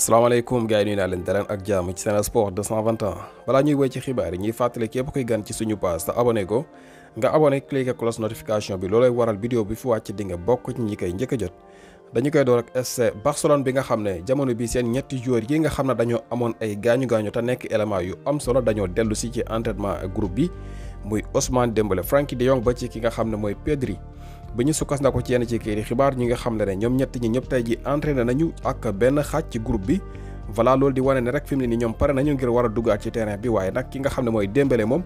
salaamaleykum gars yi naa leen daleen ak jàmm ci Sen Sport 221 balaa ñuy woy ci xibaar yi ñuy fàttali képp kuy gan ci suñu page te abonné ko nga abonné cliquer cloche notification bi loolay waral vidéo bi fu wàcc di nga bokk ci ñi koy njëkk jot dañu koy door ak FC Barcelone bi nga xam ne jamono bi seen ñetti joueurs yi nga xam ne dañoo amoon ay gaañu-gaañu te nekk element yu am solo dañoo dellu si ci ak group bi muy Ousmane Dembélé Frenkie de Jong ba ci ki nga xam ne mooy Pedri ba ñu sukkandikoo ci yenn ci kayit yi xibaar ñi nga xam ne ne ñoom ñett ñi ñëpp tey ji entraîné nañu ak benn xaaj ci groupe bi voilà loolu di wane ne rek fi mu ne ni ñoom pare nañu ngir war a duggaat ci terrain bi waaye nag ki nga xam ne mooy Dembélé moom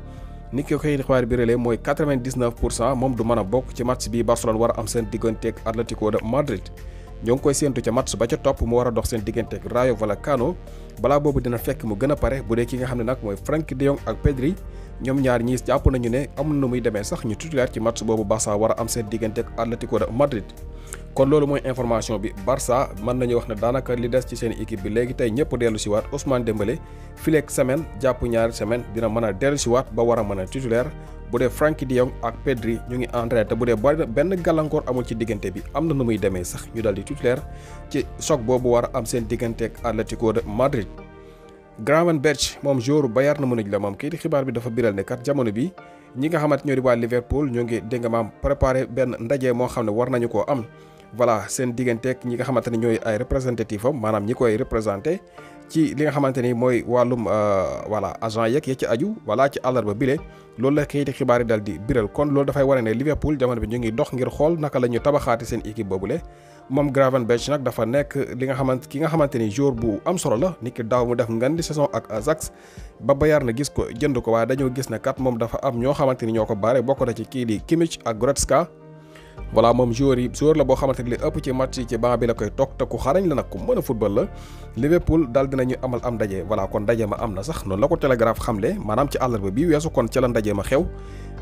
ni ko kayit xibaar bi relee mooy 99 pour cent moom du mën a bokk ci match bi Barcelone war am seen digganteeg Atlético Madrid ñong koy sentu ci match ba ca top mu wara dox sen digënté ak Rayo Vallecano bala bobu dina fekk mu gëna paré bu dé ki nga xamné nak moy Frank de Jong ak Pedri ñom ñaar ñi japp nañu né am na muy démé sax ñu titulaire ci match bobu Barça war am sen digënté ak Atlético de Madrid kon lolu moy information bi Barça man nañu wax né danaka li dess ci sen équipe bi légui tay ñepp délu ci waat Ousmane Dembélé ak semaine japp ñaar semaine dina mëna délu ci ba wara mëna titulaire bu dee Frenkie de Jong ak Pedri ñu ngi en retraite bu dee benn gàllankoor amul ci diggante bi am na nu muy demee sax ñu dal di titulaire ci choc boobu war a am seen diggante ak Atlético de Madrid. Gravenberch moom joueur Bayern Munich la moom kii xibaar bi dafa biral ne kat jamono bi ñi nga xamante ñoo di waa Liverpool ñoo ngi dégg nga maam préparé benn ndaje moo xam ne war nañu koo am. voilà seen digganteek ñi nga xamante ne ñooy ay représentatif am maanaam ñi koy représenté ci li nga xamante ni mooy wàllum euh, voilà agent yeeg ya ci aju voilà ci àllarba bile loolu la kayiti xibaar yi dal di biral kon loolu dafay wane ne Liverpool jamono bi ñu ngi dox ngir xool naka la ñu tabaxaati seen équipe boobule moom Gravenberch nag dafa nekk li nga xamante ki nga xamante ni jour bu am solo la niki daaw mu def ngan di saison ak Ajax ba Bayern na gis ko jënd ko waaye dañoo gis na kat moom dafa am ñoo xamante ni ñoo ko baare bokk na ci kii di Kimmich ak voilà moom joueur yi la boo xamante ni li ëpp ci match ci banc bi la koy toog te ku xarañ la nag ku mën a la Liverpool daal dinañu amal am ndaje voilà kon ndaje ma am na sax noonu la ko Telegraph xamle maanaam ci àllarba bi weesu kon ca la ndaje ma xew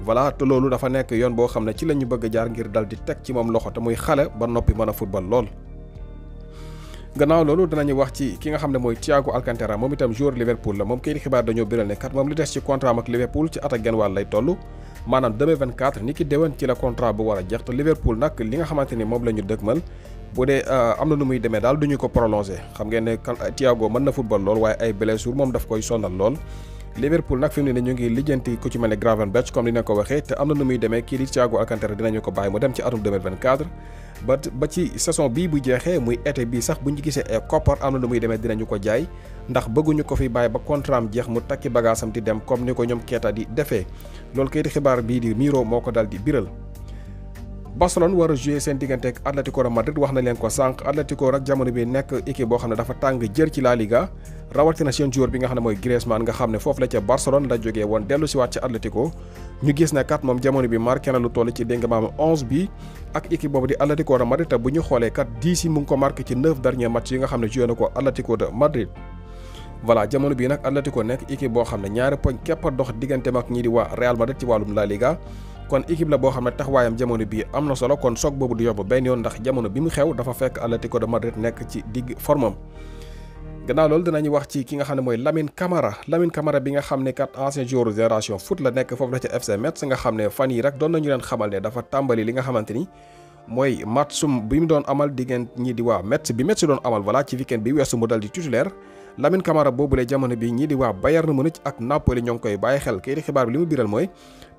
voilà te loolu dafa nekk yoon boo xam ne ci la ñu bëgg jaar ngir dal di teg ci moom loxo te muy xale ba noppi mën a football lool. gannaaw loolu dinañu wax ci ki nga xam ne mooy Thiago Alcantara moom itam joueur Liverpool la moom kayit xibaar dañoo maanaam 2024 ni ki déwén ci la contrat bu war a jeex te Liverpool nag li nga xamante ni moom la ñu bu dee euh, am na nu muy demee daal du ko prolongé xam ngeen ne mën na football lool waaye ay blessure moom daf koy sonal lool. Liverpool nag fi mu ñu ngi lijjanti ku ci mel ne Gravenberch comme ni ko waxee te am na nu muy demee kii di Thiago Alcantara dinañu ko bàyyi mu dem ci atum 2024. ba ba ci saison bii bu jeexee muy été bii sax bu ñu gisee ay eh, koppar am na lu muy demee dinañu ko jaay ndax bëgguñu ko fi bàyyi ba contrat jeex mu takki bagaasam di dem comme ni ko ñoom keeta di defee loolu kayit xibaar bii di Miro moo ko dal di biral Barcelone war a jouer seen diggante ak Atlético de Madrid wax nañ leen ko sànq Atlético rek jamono bi nekk équipe boo xam ne dafa tàng jër ci La Liga rawatina seen joueur bi nga xam ne mooy Griezmann nga xam ne foofu la ca Barcelone la jógee woon dellu si waat ci Atlético ñu gis ne kat moom jamono bi marqué na lu toll ci dégg nga maam 11 bi ak équipe boobu di Atlético de Madrid te bu ñu xoolee kat 10 yi mu ngi ko marqué ci 9 derniers matchs yi nga xam ne joué na ko Atlético de Madrid. voilà jamono bii nag Atlético nekk équipe boo xam ne ñaari poñ képp a kon équipe la bo xam taxwayam jamono bi amna solo kon sok bobu du yomb ben yon ndax jamono bi mu xew dafa fekk Atletico de Madrid nek ci dig formam gannaaw lol dinañ wax ci ki nga xam moy Lamine Camara Lamine Camara bi nga xam kat ancien joueur génération foot la nek fofu la ci FC Metz nga xam fan yi rek don nañu len xamal ne dafa tambali li nga xamanteni moy matsum bi amal digen ñi di wa Metz bi Metz don amal wala ci weekend bi wessu mu dal di titulaire Lamine Camara boobule jamono bi ñii di waa Bayern Munich ak Napoli ñoo koy bàyyi xel kii di xibaar bi li mu biral mooy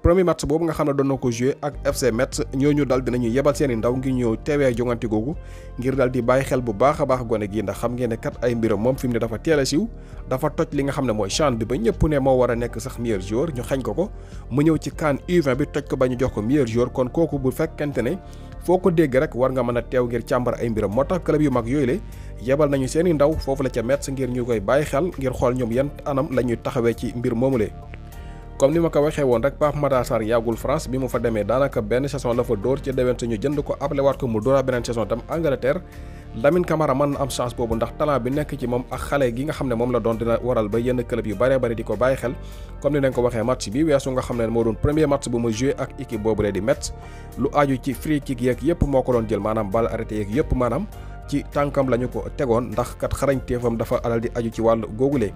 premier match boobu nga xam ne doon na ko joué ak FC Metz ñooñu dal dinañu yebal seen i ndaw ngir ñëw teewee jongante googu ngir dal di bàyyi xel bu baax a baax gone gi ndax xam ngeen ne kat ay mbiram moom fi mu ne dafa teel a siiw dafa toj li nga xam ne mooy CHAN bi ba ñëpp ne moo war a nekk sax meilleur joueur ñu xañ ko ko mu ñëw ci CAN bi toj ko ba ñu jox ko meilleur joueur kon kooku bu fekkente ne foo ko dégg rek war nga mën a teew ngir càmbar ay mbiram moo tax club yu mag yooyu le yebal nañu seeni ndaw foofu la ca Metz ngir ñu koy bàyyi xel ngir xool ñoom yan anam la ñuy taxawee ci mbir moomu le comme ni ma ko waxee woon rek Pape Matar Sarr yàggul France bi mu fa demee daanaka benn saison la fa dóor ci déwén suñu jënd ko appelé waat ko mu dóoraa beneen sason tam Angleterre Lamine Camara mën na am chance boobu ndax talent bi nekk ci moom ak xale gi nga xam ne moom la doon dina waral ba yenn club yu bëree bëri di ko bàyyi xel comme ni leen ko waxee match bi weesu nga xam ne moo doon premier match bu ma joué ak équipe boobu di Metz lu aju ci free kick yëpp moo ko doon jël maanaam balle arrêté yeeg yëpp maanaam ci tànkam la ñu ko tegoon ndax kat xarañteefam dafa alal di aju ci wàll googu googulee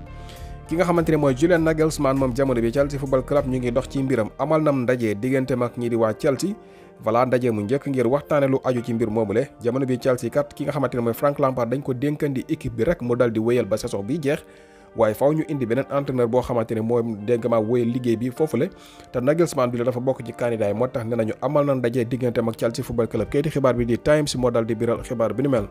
ki nga xamante ne mooy Julian Nagelsmann moom jamono bi Chelsea football ngi dox ci mbiram amal nam ndaje digganteem ak ñi di waa Chelsea voilà ndaje mu njëkk ngir waxtaane lu aju ci mbir moomule jamono bi Chelsea kat ki nga xamante ne mooy Frank Lampard dañ ko dénkandi équipe bi rek mu dal di wéyal ba saison bi jeex waaye faw ñu indi beneen entraîneur boo xamante ne mooy dénkamaa wéyal liggéey bi foofule te Nagelsmann bi la dafa bokk ci candidat yi moo tax ne nañu amal na ndaje digganteem ak Chelsea football club kayiti xibaar bi di Times moo dal di biral xibaar bi ni mel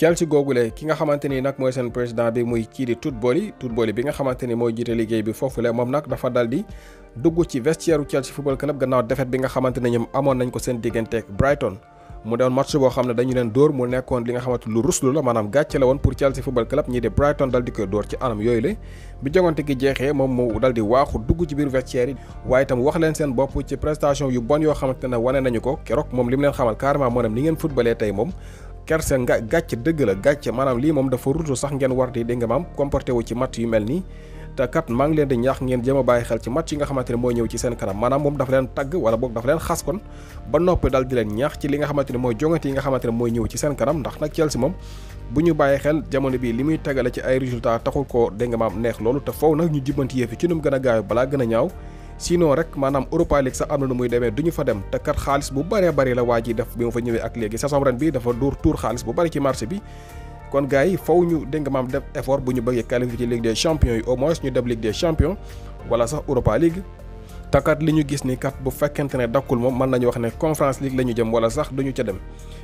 Chelsea googule ki nga xamante ni nag mooy seen président bi muy kii di Toudboly Toudboly bi nga xamante ni mooy jiite liggéey bi foofule moom nag dafa dal dugg ci vestiaire Chelsea football club gannaaw défaite bi nga xamante ne ñoom amoon nañ ko seen digganteeg Brighton. mu doon match boo xam ne dañu leen dóor mu nekkoon li nga xamante lu ruslu la maanaam gàcce la woon pour Chelsea football club ñii di Brighton dal koy dóor ci anam yooyu la bi jongante gi jeexee moom mu dal bopp ci prestation yu yoo xamante ne wane nañu ko moom li mu leen xamal carrément maanaam ni ngeen kersa nga gàcce dëgg la gàcce maanaam lii moom dafa ruutu sax ngeen war di dégg nga maam comporté wu ci matt yu mel nii te kat maa ngi leen di ñaax ngeen jëm bàyyi xel ci match yi nga xamante ne mooy ñëw ci seen kanam maanaam moom dafa leen tagg wala boog dafa leen xas kon ba noppi li nga xamante ne mooy jongante yi nga xamante ne mooy ñëw ci seen kanam ndax nag Chelsea moom bu ñu bàyyi xel jamono bi li muy tegale ci ay résultat taxul ko dégg nga neex loolu te foofu nag ñu jubbanti yëf yi ci nu mu gën a gaaw balaa gën a ñaaw sinon rek maanaam Europa League sax am na nu muy demee duñu ñu fa dem te kat xaalis bu bëree bëri la waa ji def bi mu fa ñëwee ak léegi saison ren bi dafa dóor tuur xaalis bu bëri ci marché bi kon gars yi faw ñu dégg nga maam def effort bu ñu bëggee qualifier ci Ligue des Champions yi au moins ñu dem Ligue des Champions wala sax Europa League takat li ñu gis ni kat bu fekkente ne dakkul moom mën nañu wax ne Conference League la ñu jëm wala sax duñu ca dem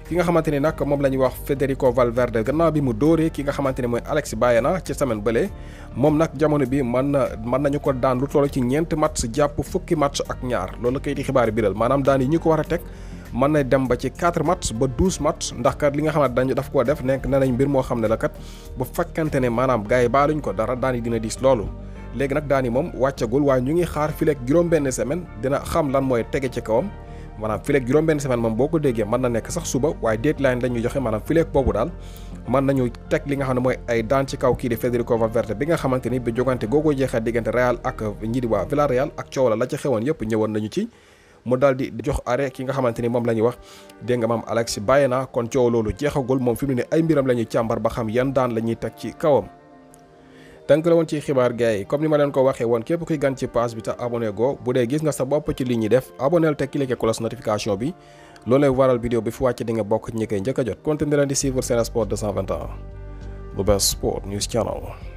ki nga xamante ni nag moom la ñuy wax Federico Valverde gannaaw bi mu dóoree ki nga xamante ne mooy Alex Baena ci semaine bële moom nag jamono bi mën na mën nañu ko daan lu toll ci ñeent match jàpp fukki match ak ñaar loolu kayiti xibaar biral maanaam daan yi ñu ko war a teg mën na dem ba ci 4 match ba 12 match ndax kat li nga xamante dañu daf koo def nekk ne nañ mbir moo xam ne la kat bu fekkente ne maanaam gars yi baaluñ ko dara daan yi dina diis loolu léegi nag daan yi moom wàccagul waaye ñu ngi xaar fileeg juróom-benn semaine dina xam lan mooy tege ci kawam maanaam fileeg juróom-benn semaine moom boo ko déggee mën na nekk sax suba waaye deadline la ñuy joxe maanaam fileeg boobu daal mën nañu teg li nga xam ne mooy ay daan ci kaw kii di Federico Valverde bi nga xamante ni bi jogante googu jeexee diggante Real ak ñi di waa Villarreal ak coow la la ci xewoon yëpp ñëwoon nañu ci mu daal di jox arrêt ki nga xamante ni moom la ñuy wax dégg nga maam Alex bàyyi na kon coow loolu jeexagul moom fi mu ne ay mbiram la ñuy càmbar ba xam yan daan la ñuy teg ci kawam tënk la woon ci xibaar gars yi comme ni ma leen ko waxee woon képp kuy gan ci page bi te abonné bu dee gis nga sa bopp ci li ñi def aboneel te cliquer cloche notification bi loolay waral vidéo bi fu wàcc di nga bokk ñi koy njëkk a jot continuer leen di suivre Sen Sport 221 the news channel